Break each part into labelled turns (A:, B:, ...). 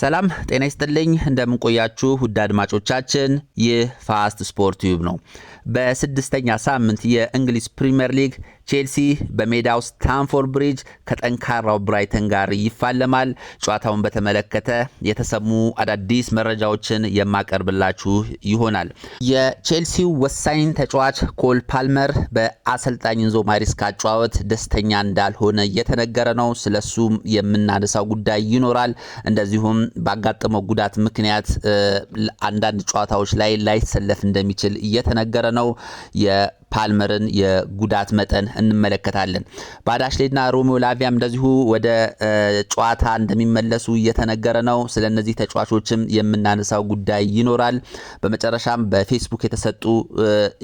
A: ሰላም ጤና ይስጥልኝ እንደምንቆያችሁ ውድ አድማጮቻችን፣ ይህ ፋስት ስፖርት ዩብ ነው። በስድስተኛ ሳምንት የእንግሊዝ ፕሪምየር ሊግ ቼልሲ በሜዳው ስታንፎርድ ብሪጅ ከጠንካራው ብራይተን ጋር ይፋለማል። ጨዋታውን በተመለከተ የተሰሙ አዳዲስ መረጃዎችን የማቀርብላችሁ ይሆናል። የቼልሲው ወሳኝ ተጫዋች ኮል ፓልመር በአሰልጣኝ ኢንዞ ማሪስካ አጨዋወት ደስተኛ እንዳልሆነ እየተነገረ ነው። ስለሱ የምናነሳው ጉዳይ ይኖራል። እንደዚሁም ባጋጠመው ጉዳት ምክንያት አንዳንድ ጨዋታዎች ላይ ላይሰለፍ እንደሚችል እየተነገረ ነው። ፓልመርን የጉዳት መጠን እንመለከታለን። ባዳሽሌና ሮሚዮ ላቪያም እንደዚሁ ወደ ጨዋታ እንደሚመለሱ እየተነገረ ነው። ስለ እነዚህ ተጫዋቾችም የምናነሳው ጉዳይ ይኖራል። በመጨረሻም በፌስቡክ የተሰጡ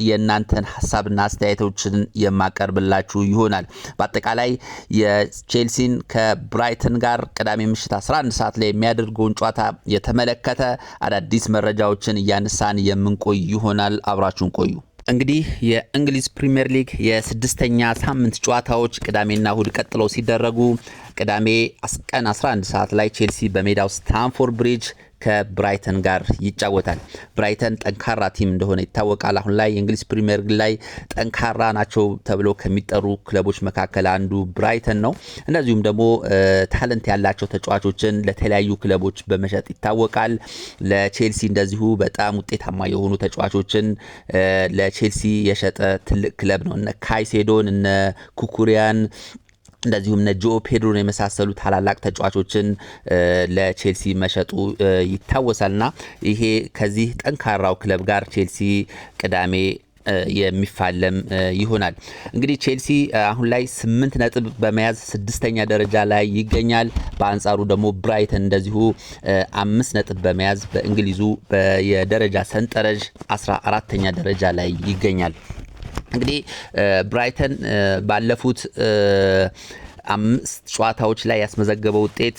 A: የእናንተን ሀሳብና አስተያየቶችን የማቀርብላችሁ ይሆናል። በአጠቃላይ የቼልሲን ከብራይተን ጋር ቅዳሜ ምሽት 11 ሰዓት ላይ የሚያደርገውን ጨዋታ የተመለከተ አዳዲስ መረጃዎችን እያነሳን የምንቆይ ይሆናል። አብራችሁን ቆዩ። እንግዲህ የእንግሊዝ ፕሪምየር ሊግ የስድስተኛ ሳምንት ጨዋታዎች ቅዳሜና እሁድ ቀጥለው ሲደረጉ ቅዳሜ ቀን 11 ሰዓት ላይ ቼልሲ በሜዳው ስታንፎርድ ብሪጅ ከብራይተን ጋር ይጫወታል። ብራይተን ጠንካራ ቲም እንደሆነ ይታወቃል። አሁን ላይ የእንግሊዝ ፕሪሚየር ላይ ጠንካራ ናቸው ተብሎ ከሚጠሩ ክለቦች መካከል አንዱ ብራይተን ነው። እንደዚሁም ደግሞ ታለንት ያላቸው ተጫዋቾችን ለተለያዩ ክለቦች በመሸጥ ይታወቃል። ለቼልሲ እንደዚሁ በጣም ውጤታማ የሆኑ ተጫዋቾችን ለቼልሲ የሸጠ ትልቅ ክለብ ነው። እነ ካይሴዶን እነ ኩኩሪያን እንደዚሁም እነ ጆ ፔድሮን የመሳሰሉ ታላላቅ ተጫዋቾችን ለቼልሲ መሸጡ ይታወሳልና ይሄ ከዚህ ጠንካራው ክለብ ጋር ቼልሲ ቅዳሜ የሚፋለም ይሆናል። እንግዲህ ቼልሲ አሁን ላይ ስምንት ነጥብ በመያዝ ስድስተኛ ደረጃ ላይ ይገኛል። በአንጻሩ ደግሞ ብራይተን እንደዚሁ አምስት ነጥብ በመያዝ በእንግሊዙ የደረጃ ሰንጠረዥ አስራ አራተኛ ደረጃ ላይ ይገኛል። እንግዲህ ብራይተን ባለፉት አምስት ጨዋታዎች ላይ ያስመዘገበው ውጤት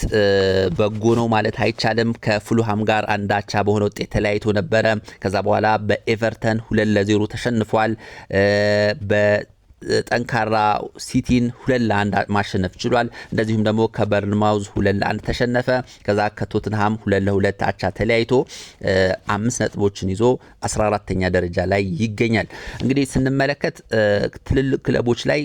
A: በጎ ነው ማለት አይቻልም። ከፉልሃም ጋር አንዳቻ በሆነ ውጤት ተለያይቶ ነበረ። ከዛ በኋላ በኤቨርተን ሁለት ለዜሮ ተሸንፏል። ጠንካራ ሲቲን ሁለት ለአንድ ማሸነፍ ችሏል። እንደዚሁም ደግሞ ከበርንማውዝ ሁለት ለአንድ ተሸነፈ። ከዛ ከቶትንሃም ሁለት ለሁለት አቻ ተለያይቶ አምስት ነጥቦችን ይዞ 14ተኛ ደረጃ ላይ ይገኛል። እንግዲህ ስንመለከት ትልልቅ ክለቦች ላይ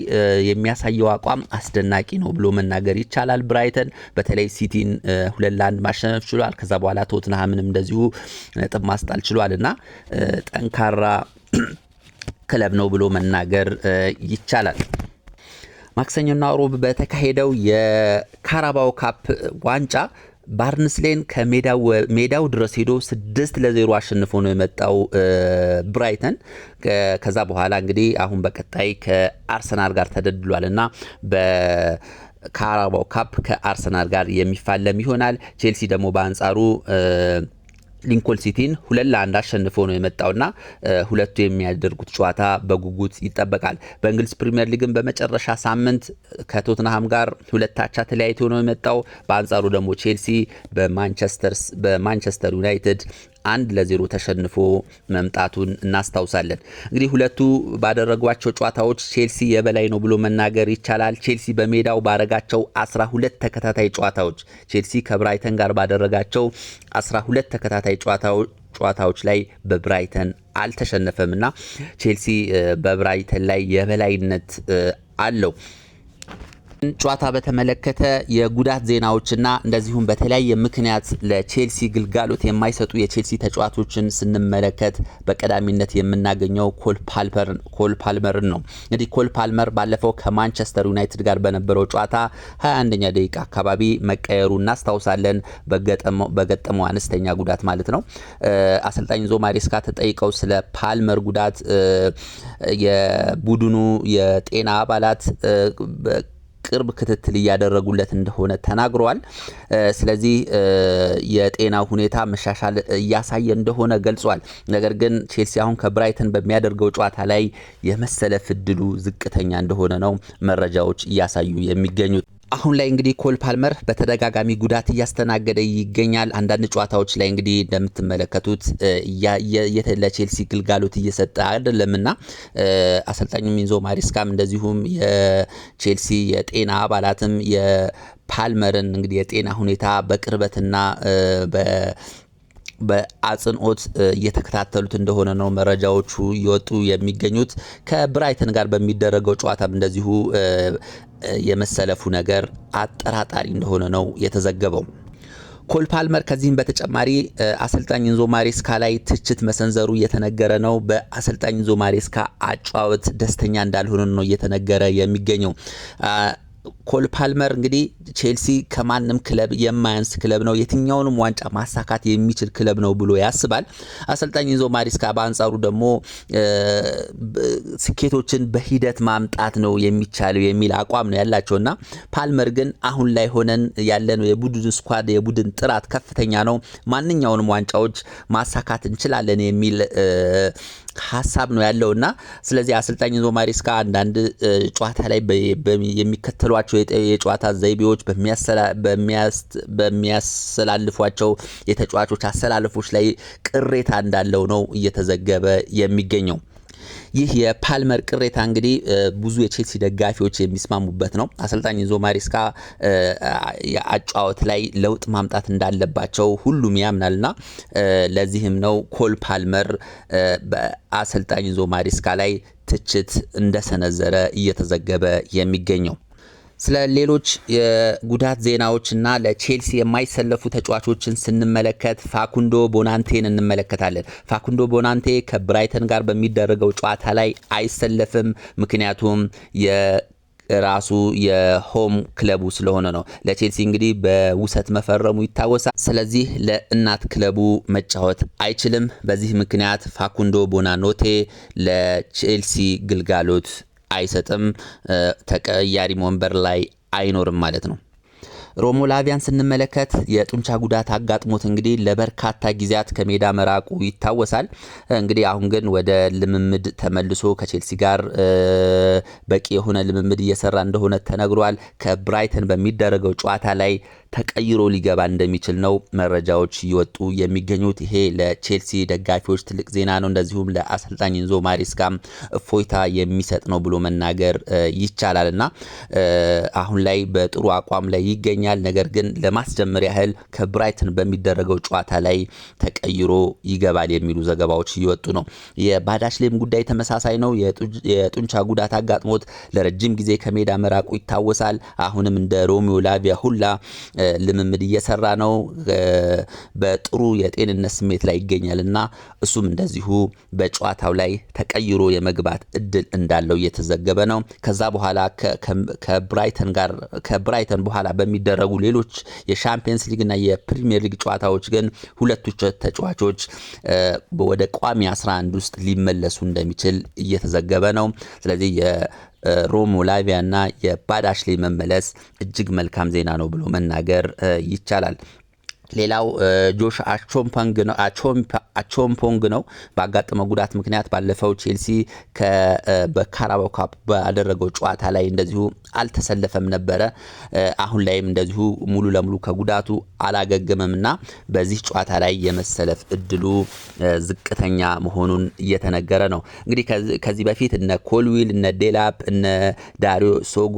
A: የሚያሳየው አቋም አስደናቂ ነው ብሎ መናገር ይቻላል። ብራይተን በተለይ ሲቲን ሁለት ለአንድ ማሸነፍ ችሏል። ከዛ በኋላ ቶትንሃምንም እንደዚሁ ነጥብ ማስጣል ችሏል እና ጠንካራ ክለብ ነው ብሎ መናገር ይቻላል። ማክሰኞና ሮብ በተካሄደው የካራባው ካፕ ዋንጫ ባርንስሌን ከሜዳው ድረስ ሄዶ ስድስት ለዜሮ አሸንፎ ነው የመጣው ብራይተን። ከዛ በኋላ እንግዲህ አሁን በቀጣይ ከአርሰናል ጋር ተደድሏል እና በካራባው ካፕ ከአርሰናል ጋር የሚፋለም ይሆናል። ቼልሲ ደግሞ በአንጻሩ ሊንኮን ሲቲን ሁለት ለአንድ አሸንፎ ነው የመጣውና ሁለቱ የሚያደርጉት ጨዋታ በጉጉት ይጠበቃል። በእንግሊዝ ፕሪምየር ሊግን በመጨረሻ ሳምንት ከቶትንሃም ጋር ሁለት አቻ ተለያይቶ ነው የመጣው። በአንጻሩ ደግሞ ቼልሲ በማንቸስተር ዩናይትድ አንድ ለዜሮ ተሸንፎ መምጣቱን እናስታውሳለን። እንግዲህ ሁለቱ ባደረጓቸው ጨዋታዎች ቼልሲ የበላይ ነው ብሎ መናገር ይቻላል። ቼልሲ በሜዳው ባረጋቸው 12 ተከታታይ ጨዋታዎች ቼልሲ ከብራይተን ጋር ባደረጋቸው 12 ተከታታይ ጨዋታዎች ላይ በብራይተን አልተሸነፈም እና ቼልሲ በብራይተን ላይ የበላይነት አለው። ጨዋታ በተመለከተ የጉዳት ዜናዎችና እንደዚሁም በተለያየ ምክንያት ለቼልሲ ግልጋሎት የማይሰጡ የቼልሲ ተጫዋቾችን ስንመለከት በቀዳሚነት የምናገኘው ኮል ፓልመርን ነው። እንግዲህ ኮል ፓልመር ባለፈው ከማንቸስተር ዩናይትድ ጋር በነበረው ጨዋታ 21ኛ ደቂቃ አካባቢ መቀየሩ እናስታውሳለን። በገጠመው አነስተኛ ጉዳት ማለት ነው። አሰልጣኝ ኢንዞ ማሬስካ ተጠይቀው ስለ ፓልመር ጉዳት የቡድኑ የጤና አባላት ቅርብ ክትትል እያደረጉለት እንደሆነ ተናግረዋል። ስለዚህ የጤና ሁኔታ መሻሻል እያሳየ እንደሆነ ገልጿል። ነገር ግን ቼልሲ አሁን ከብራይተን በሚያደርገው ጨዋታ ላይ የመሰለፍ እድሉ ዝቅተኛ እንደሆነ ነው መረጃዎች እያሳዩ የሚገኙት። አሁን ላይ እንግዲህ ኮል ፓልመር በተደጋጋሚ ጉዳት እያስተናገደ ይገኛል። አንዳንድ ጨዋታዎች ላይ እንግዲህ እንደምትመለከቱት ለቼልሲ ግልጋሎት እየሰጠ አይደለም እና አሰልጣኙ ሚንዞ ማሪስካም እንደዚሁም የቼልሲ የጤና አባላትም የፓልመርን እንግዲህ የጤና ሁኔታ በቅርበትና በአጽንኦት እየተከታተሉት እንደሆነ ነው መረጃዎቹ እየወጡ የሚገኙት። ከብራይተን ጋር በሚደረገው ጨዋታም እንደዚሁ የመሰለፉ ነገር አጠራጣሪ እንደሆነ ነው የተዘገበው። ኮል ፓልመር ከዚህም በተጨማሪ አሰልጣኝ ኢንዞ ማሬስካ ላይ ትችት መሰንዘሩ እየተነገረ ነው። በአሰልጣኝ ኢንዞ ማሬስካ አጫወት ደስተኛ እንዳልሆነ ነው እየተነገረ የሚገኘው። ኮል ፓልመር እንግዲህ ቼልሲ ከማንም ክለብ የማያንስ ክለብ ነው፣ የትኛውንም ዋንጫ ማሳካት የሚችል ክለብ ነው ብሎ ያስባል። አሰልጣኝ ኢንዞ ማሪስካ በአንጻሩ ደግሞ ስኬቶችን በሂደት ማምጣት ነው የሚቻለው የሚል አቋም ነው እና ፓልመር ግን አሁን ላይ ሆነን ያለነው የቡድን ስኳድ የቡድን ጥራት ከፍተኛ ነው፣ ማንኛውንም ዋንጫዎች ማሳካት እንችላለን የሚል ሀሳብ ነው ያለው እና ስለዚህ አሰልጣኝ ኢንዞ ማሪስካ አንዳንድ ጨዋታ ላይ የሚከተሏቸው የጨዋታ ዘይቤዎች በሚያስተላልፏቸው የተጫዋቾች አሰላለፎች ላይ ቅሬታ እንዳለው ነው እየተዘገበ የሚገኘው። ይህ የፓልመር ቅሬታ እንግዲህ ብዙ የቼልሲ ደጋፊዎች የሚስማሙበት ነው። አሰልጣኝ ኢንዞ ማሪስካ የአጫወት ላይ ለውጥ ማምጣት እንዳለባቸው ሁሉም ያምናልና ለዚህም ነው ኮል ፓልመር በአሰልጣኝ ኢንዞ ማሪስካ ላይ ትችት እንደሰነዘረ እየተዘገበ የሚገኘው። ስለ ሌሎች የጉዳት ዜናዎች እና ለቼልሲ የማይሰለፉ ተጫዋቾችን ስንመለከት ፋኩንዶ ቦናንቴን እንመለከታለን። ፋኩንዶ ቦናንቴ ከብራይተን ጋር በሚደረገው ጨዋታ ላይ አይሰለፍም፣ ምክንያቱም የ ራሱ የሆም ክለቡ ስለሆነ ነው። ለቼልሲ እንግዲህ በውሰት መፈረሙ ይታወሳል። ስለዚህ ለእናት ክለቡ መጫወት አይችልም። በዚህ ምክንያት ፋኩንዶ ቦናኖቴ ለቼልሲ ግልጋሎት አይሰጥም። ተቀያሪም ወንበር ላይ አይኖርም ማለት ነው። ሮሞ ላቪያን ስንመለከት የጡንቻ ጉዳት አጋጥሞት እንግዲህ ለበርካታ ጊዜያት ከሜዳ መራቁ ይታወሳል። እንግዲህ አሁን ግን ወደ ልምምድ ተመልሶ ከቼልሲ ጋር በቂ የሆነ ልምምድ እየሰራ እንደሆነ ተነግሯል። ከብራይተን በሚደረገው ጨዋታ ላይ ተቀይሮ ሊገባ እንደሚችል ነው መረጃዎች እየወጡ የሚገኙት። ይሄ ለቼልሲ ደጋፊዎች ትልቅ ዜና ነው። እንደዚሁም ለአሰልጣኝ ኢንዞ ማሪስካም እፎይታ የሚሰጥ ነው ብሎ መናገር ይቻላል እና አሁን ላይ በጥሩ አቋም ላይ ይገኛል። ነገር ግን ለማስጀመር ያህል ከብራይተን በሚደረገው ጨዋታ ላይ ተቀይሮ ይገባል የሚሉ ዘገባዎች እየወጡ ነው። የባዳሽሌም ጉዳይ ተመሳሳይ ነው። የጡንቻ ጉዳት አጋጥሞት ለረጅም ጊዜ ከሜዳ መራቁ ይታወሳል። አሁንም እንደ ሮሚዮ ላቪያ ሁላ ልምምድ እየሰራ ነው። በጥሩ የጤንነት ስሜት ላይ ይገኛል እና እሱም እንደዚሁ በጨዋታው ላይ ተቀይሮ የመግባት እድል እንዳለው እየተዘገበ ነው። ከዛ በኋላ ከብራይተን ጋር ከብራይተን በኋላ በሚደረጉ ሌሎች የሻምፒየንስ ሊግ እና የፕሪሚየር ሊግ ጨዋታዎች ግን ሁለቱ ተጫዋቾች ወደ ቋሚ 11 ውስጥ ሊመለሱ እንደሚችል እየተዘገበ ነው። ስለዚህ ሮም ላቪያ የባድ አሽሌ መመለስ እጅግ መልካም ዜና ነው ብሎ መናገር ይቻላል። ሌላው ጆሽ አቾምፖንግ ነው። ባጋጠመው ጉዳት ምክንያት ባለፈው ቼልሲ በካራባው ካፕ ባደረገው ጨዋታ ላይ እንደዚሁ አልተሰለፈም ነበረ። አሁን ላይም እንደዚሁ ሙሉ ለሙሉ ከጉዳቱ አላገገመም እና በዚህ ጨዋታ ላይ የመሰለፍ እድሉ ዝቅተኛ መሆኑን እየተነገረ ነው። እንግዲህ ከዚህ በፊት እነ ኮልዊል፣ እነ ዴላፕ፣ እነ ዳሪዮ ሶጎ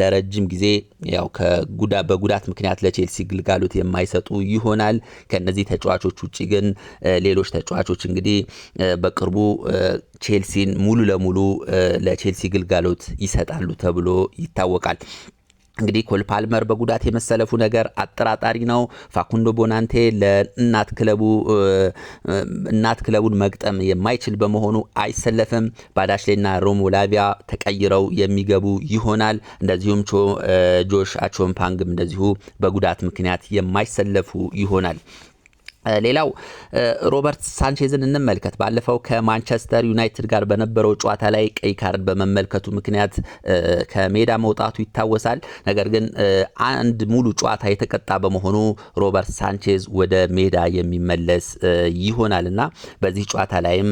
A: ለረጅም ጊዜ ያው በጉዳት ምክንያት ለቼልሲ ግልጋሎት የማይሰጡ ይሆናል። ከነዚህ ተጫዋቾች ውጭ ግን ሌሎች ተጫዋቾች እንግዲህ በቅርቡ ቼልሲን ሙሉ ለሙሉ ለቼልሲ ግልጋሎት ይሰጣሉ ተብሎ ይታወቃል። እንግዲህ ኮል ፓልመር በጉዳት የመሰለፉ ነገር አጠራጣሪ ነው። ፋኩንዶ ቦናንቴ ለእናት ክለቡ እናት ክለቡን መግጠም የማይችል በመሆኑ አይሰለፍም። ባዳሽሌና ሮሞ ላቪያ ተቀይረው የሚገቡ ይሆናል። እንደዚሁም ጆሽ አቾምፓንግም እንደዚሁ በጉዳት ምክንያት የማይሰለፉ ይሆናል። ሌላው ሮበርት ሳንቼዝን እንመልከት። ባለፈው ከማንቸስተር ዩናይትድ ጋር በነበረው ጨዋታ ላይ ቀይ ካርድ በመመልከቱ ምክንያት ከሜዳ መውጣቱ ይታወሳል። ነገር ግን አንድ ሙሉ ጨዋታ የተቀጣ በመሆኑ ሮበርት ሳንቼዝ ወደ ሜዳ የሚመለስ ይሆናል እና በዚህ ጨዋታ ላይም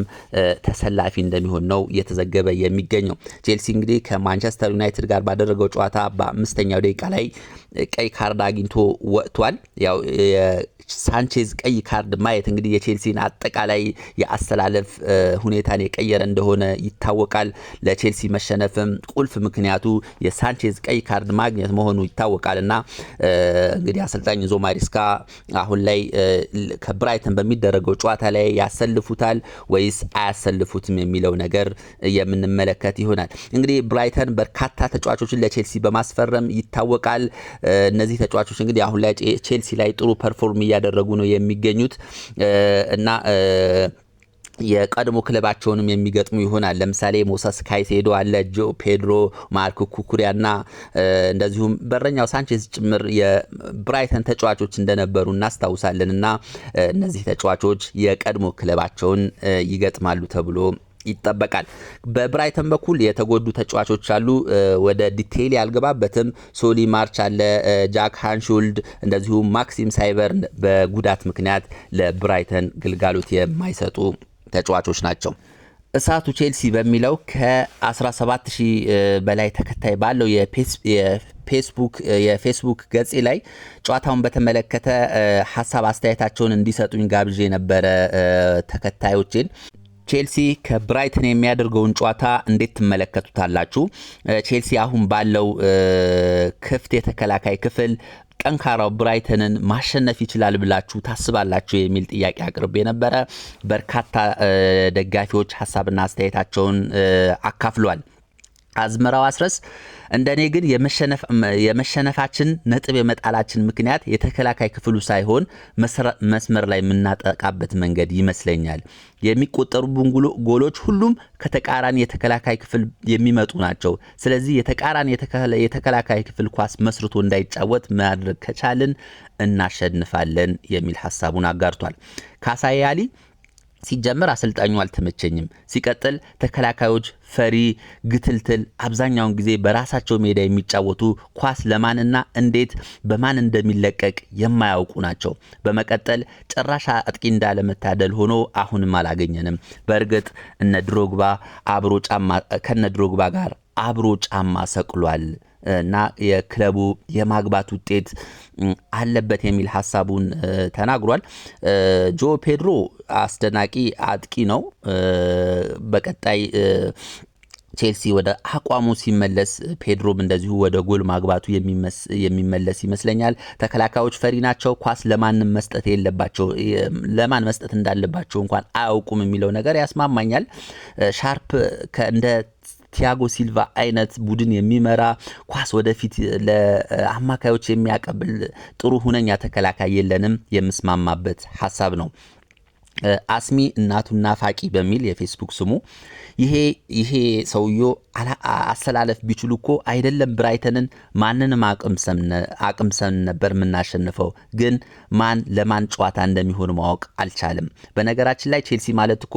A: ተሰላፊ እንደሚሆን ነው እየተዘገበ የሚገኘው። ቼልሲ እንግዲህ ከማንቸስተር ዩናይትድ ጋር ባደረገው ጨዋታ በአምስተኛው ደቂቃ ላይ ቀይ ካርድ አግኝቶ ወጥቷል። ያው ሳንቼዝ ቀይ ካርድ ማየት እንግዲህ የቼልሲን አጠቃላይ የአሰላለፍ ሁኔታን የቀየረ እንደሆነ ይታወቃል። ለቼልሲ መሸነፍም ቁልፍ ምክንያቱ የሳንቼዝ ቀይ ካርድ ማግኘት መሆኑ ይታወቃል እና እንግዲህ አሰልጣኝ ዞማሪስካ ማሪስካ አሁን ላይ ከብራይተን በሚደረገው ጨዋታ ላይ ያሰልፉታል ወይስ አያሰልፉትም የሚለው ነገር የምንመለከት ይሆናል። እንግዲህ ብራይተን በርካታ ተጫዋቾችን ለቼልሲ በማስፈረም ይታወቃል። እነዚህ ተጫዋቾች እንግዲህ አሁን ላይ ቼልሲ ላይ ጥሩ ፐርፎርም እያደረጉ ነው የሚገ የሚገኙት እና የቀድሞ ክለባቸውንም የሚገጥሙ ይሆናል። ለምሳሌ ሞሰስ ካይሴዶ አለ፣ ጆ ፔድሮ፣ ማርክ ኩኩሪያ ና እንደዚሁም በረኛው ሳንቼዝ ጭምር የብራይተን ተጫዋቾች እንደነበሩ እናስታውሳለን እና እነዚህ ተጫዋቾች የቀድሞ ክለባቸውን ይገጥማሉ ተብሎ ይጠበቃል። በብራይተን በኩል የተጎዱ ተጫዋቾች አሉ። ወደ ዲቴይል ያልገባበትም ሶሊ ማርች አለ፣ ጃክ ሃንሹልድ እንደዚሁም ማክሲም ሳይበርን በጉዳት ምክንያት ለብራይተን ግልጋሎት የማይሰጡ ተጫዋቾች ናቸው። እሳቱ ቼልሲ በሚለው ከ17000 በላይ ተከታይ ባለው የፌስቡክ ገጼ ላይ ጨዋታውን በተመለከተ ሀሳብ አስተያየታቸውን እንዲሰጡኝ ጋብዤ ነበረ ተከታዮችን ቼልሲ ከብራይተን የሚያደርገውን ጨዋታ እንዴት ትመለከቱታላችሁ? ቼልሲ አሁን ባለው ክፍት የተከላካይ ክፍል ጠንካራው ብራይተንን ማሸነፍ ይችላል ብላችሁ ታስባላችሁ? የሚል ጥያቄ አቅርቤ ነበረ። በርካታ ደጋፊዎች ሀሳብና አስተያየታቸውን አካፍሏል። አዝመራው አስረስ እንደኔ ግን የመሸነፋችን ነጥብ የመጣላችን ምክንያት የተከላካይ ክፍሉ ሳይሆን መስመር ላይ የምናጠቃበት መንገድ ይመስለኛል። የሚቆጠሩ ጎሎች ሁሉም ከተቃራኒ የተከላካይ ክፍል የሚመጡ ናቸው። ስለዚህ የተቃራኒ የተከላካይ ክፍል ኳስ መስርቶ እንዳይጫወት ማድረግ ከቻልን እናሸንፋለን የሚል ሀሳቡን አጋርቷል። ካሳያሊ ሲጀመር አሰልጣኙ አልተመቸኝም። ሲቀጥል ተከላካዮች ፈሪ፣ ግትልትል አብዛኛውን ጊዜ በራሳቸው ሜዳ የሚጫወቱ ኳስ ለማንና እንዴት በማን እንደሚለቀቅ የማያውቁ ናቸው። በመቀጠል ጭራሽ አጥቂ እንዳለመታደል ሆኖ አሁንም አላገኘንም። በእርግጥ እነ ድሮግባ አብሮ ጫማ ከነ ድሮግባ ጋር አብሮ ጫማ ሰቅሏል። እና የክለቡ የማግባት ውጤት አለበት የሚል ሀሳቡን ተናግሯል። ጆ ፔድሮ አስደናቂ አጥቂ ነው። በቀጣይ ቼልሲ ወደ አቋሙ ሲመለስ ፔድሮም እንደዚሁ ወደ ጎል ማግባቱ የሚመለስ ይመስለኛል። ተከላካዮች ፈሪ ናቸው። ኳስ ለማንም መስጠት የለባቸው ለማን መስጠት እንዳለባቸው እንኳን አያውቁም የሚለው ነገር ያስማማኛል። ሻርፕ እንደ ቲያጎ ሲልቫ አይነት ቡድን የሚመራ ኳስ ወደፊት ለአማካዮች የሚያቀብል ጥሩ ሁነኛ ተከላካይ የለንም። የምስማማበት ሀሳብ ነው። አስሚ እናቱና ፋቂ በሚል የፌስቡክ ስሙ ይሄ ይሄ ሰውዮ አሰላለፍ ቢችሉ እኮ አይደለም ብራይተንን ማንንም አቅም ሰን ነበር የምናሸንፈው። ግን ማን ለማን ጨዋታ እንደሚሆን ማወቅ አልቻለም። በነገራችን ላይ ቼልሲ ማለት እኮ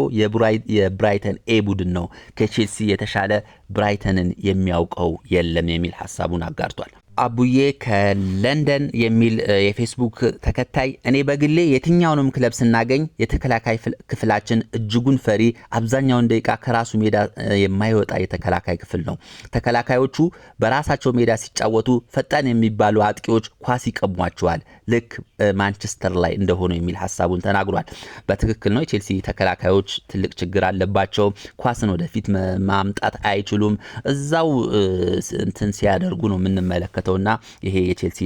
A: የብራይተን ኤ ቡድን ነው። ከቼልሲ የተሻለ ብራይተንን የሚያውቀው የለም የሚል ሀሳቡን አጋርቷል። አቡዬ ከለንደን የሚል የፌስቡክ ተከታይ እኔ በግሌ የትኛውንም ክለብ ስናገኝ የተከላካይ ክፍላችን እጅጉን ፈሪ፣ አብዛኛውን ደቂቃ ከራሱ ሜዳ የማይወጣ የተከላካይ ክፍል ነው። ተከላካዮቹ በራሳቸው ሜዳ ሲጫወቱ ፈጣን የሚባሉ አጥቂዎች ኳስ ይቀሟቸዋል። ልክ ማንቸስተር ላይ እንደሆነ የሚል ሀሳቡን ተናግሯል። በትክክል ነው። የቼልሲ ተከላካዮች ትልቅ ችግር አለባቸው። ኳስን ወደፊት ማምጣት አይችሉም። እዛው እንትን ሲያደርጉ ነው የምንመለከተው እና ይሄ የቼልሲ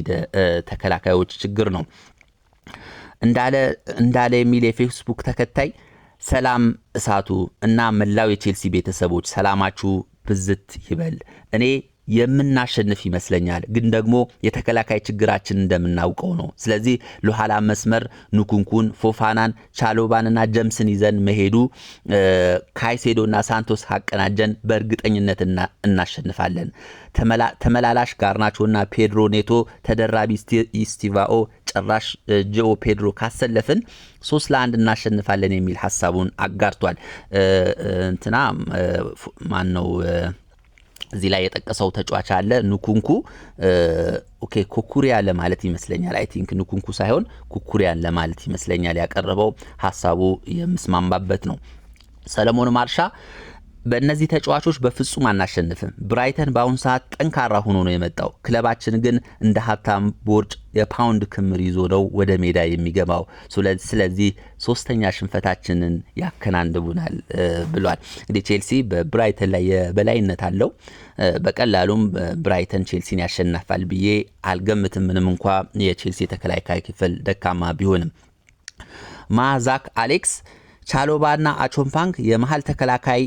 A: ተከላካዮች ችግር ነው እንዳለ የሚል የፌስቡክ ተከታይ ሰላም እሳቱ እና መላው የቼልሲ ቤተሰቦች ሰላማችሁ ብዝት ይበል። እኔ የምናሸንፍ ይመስለኛል። ግን ደግሞ የተከላካይ ችግራችን እንደምናውቀው ነው። ስለዚህ ለኋላ መስመር ንኩንኩን፣ ፎፋናን፣ ቻሎባንና ጀምስን ይዘን መሄዱ ካይሴዶና ሳንቶስ አቀናጀን በእርግጠኝነት እናሸንፋለን። ተመላላሽ ጋርናቾና ፔድሮ ኔቶ፣ ተደራቢ ኢስቲቫኦ፣ ጭራሽ ጆ ፔድሮ ካሰለፍን ሶስት ለአንድ እናሸንፋለን የሚል ሀሳቡን አጋርቷል። እንትና ማን ነው እዚህ ላይ የጠቀሰው ተጫዋች አለ ንኩንኩ ኦኬ ኩኩሪያ ለማለት ይመስለኛል። አይ ቲንክ ንኩንኩ ሳይሆን ኩኩሪያን ለማለት ይመስለኛል ያቀረበው ሀሳቡ የምስማማበት ነው። ሰለሞን ማርሻ በእነዚህ ተጫዋቾች በፍጹም አናሸንፍም። ብራይተን በአሁኑ ሰዓት ጠንካራ ሆኖ ነው የመጣው። ክለባችን ግን እንደ ሀብታም ቦርጭ የፓውንድ ክምር ይዞ ነው ወደ ሜዳ የሚገባው። ስለዚህ ሶስተኛ ሽንፈታችንን ያከናንቡናል ብሏል። እንግዲህ ቼልሲ በብራይተን ላይ የበላይነት አለው። በቀላሉም ብራይተን ቼልሲን ያሸናፋል ብዬ አልገምትም፣ ምንም እንኳ የቼልሲ የተከላካይ ክፍል ደካማ ቢሆንም ማዛክ አሌክስ ቻሎባና አቾምፓንክ የመሀል ተከላካይ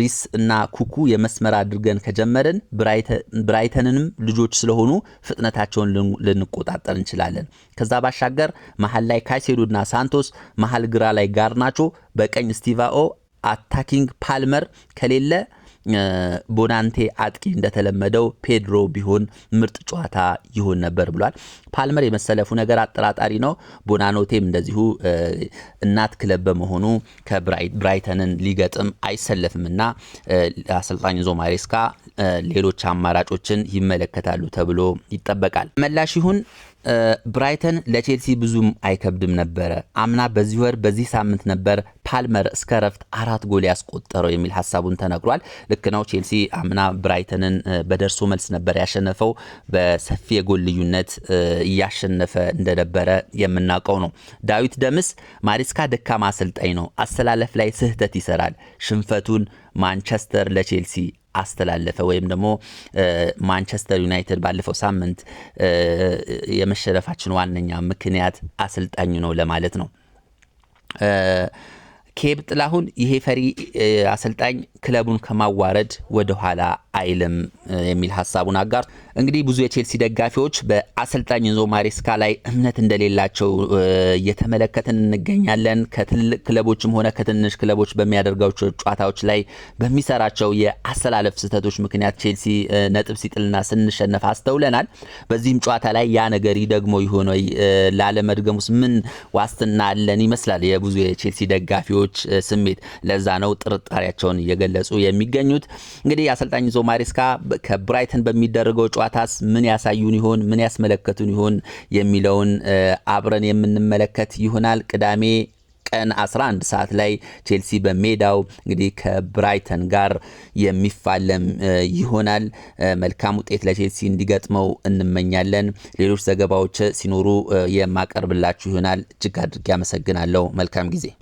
A: ሪስ እና ኩኩ የመስመር አድርገን ከጀመርን ብራይተንንም ልጆች ስለሆኑ ፍጥነታቸውን ልንቆጣጠር እንችላለን። ከዛ ባሻገር መሀል ላይ ካይሴዶና ሳንቶስ፣ መሀል ግራ ላይ ጋርናቾ፣ በቀኝ ስቲቫኦ፣ አታኪንግ ፓልመር ከሌለ ቦናንቴ አጥቂ እንደተለመደው ፔድሮ ቢሆን ምርጥ ጨዋታ ይሆን ነበር ብሏል። ፓልመር የመሰለፉ ነገር አጠራጣሪ ነው። ቦናኖቴም እንደዚሁ እናት ክለብ በመሆኑ ከብራይተንን ሊገጥም አይሰለፍም እና አሰልጣኝ ዞ ማሬስካ ሌሎች አማራጮችን ይመለከታሉ ተብሎ ይጠበቃል። መላሽ ይሁን ብራይተን ለቼልሲ ብዙም አይከብድም ነበረ። አምና በዚህ ወር በዚህ ሳምንት ነበር ፓልመር እስከ ረፍት አራት ጎል ያስቆጠረው የሚል ሀሳቡን ተነግሯል። ልክ ነው። ቼልሲ አምና ብራይተንን በደርሶ መልስ ነበር ያሸነፈው። በሰፊ የጎል ልዩነት እያሸነፈ እንደነበረ የምናውቀው ነው። ዳዊት ደምስ ማሪስካ ደካማ አሰልጣኝ ነው፣ አሰላለፍ ላይ ስህተት ይሰራል፣ ሽንፈቱን ማንቸስተር ለቼልሲ አስተላለፈ ወይም ደግሞ ማንቸስተር ዩናይትድ ባለፈው ሳምንት የመሸረፋችን ዋነኛ ምክንያት አሰልጣኙ ነው ለማለት ነው። ኬብ ጥላሁን ይሄ ፈሪ አሰልጣኝ ክለቡን ከማዋረድ ወደኋላ አይልም የሚል ሀሳቡን አጋር እንግዲህ ብዙ የቼልሲ ደጋፊዎች በአሰልጣኝ ኢንዞ ማሬስካ ላይ እምነት እንደሌላቸው እየተመለከትን እንገኛለን። ከትልቅ ክለቦችም ሆነ ከትንሽ ክለቦች በሚያደርጋቸው ጨዋታዎች ላይ በሚሰራቸው የአሰላለፍ ስህተቶች ምክንያት ቼልሲ ነጥብ ሲጥልና ስንሸነፍ አስተውለናል። በዚህም ጨዋታ ላይ ያ ነገር ደግሞ ይሆነ ውስጥ ምን ዋስትና አለን ይመስላል የብዙ የቼልሲ ደጋፊዎች ስሜት። ለዛ ነው ጥርጣሬያቸውን እየገለጹ የሚገኙት እንግዲህ አሰልጣኝ ኢንዞ ማሪስካ ከብራይተን በሚደረገው ጨዋታስ ምን ያሳዩን ይሆን? ምን ያስመለከቱን ይሆን የሚለውን አብረን የምንመለከት ይሆናል። ቅዳሜ ቀን 11 ሰዓት ላይ ቼልሲ በሜዳው እንግዲህ ከብራይተን ጋር የሚፋለም ይሆናል። መልካም ውጤት ለቼልሲ እንዲገጥመው እንመኛለን። ሌሎች ዘገባዎች ሲኖሩ የማቀርብላችሁ ይሆናል። እጅግ አድርጌ አመሰግናለሁ። መልካም ጊዜ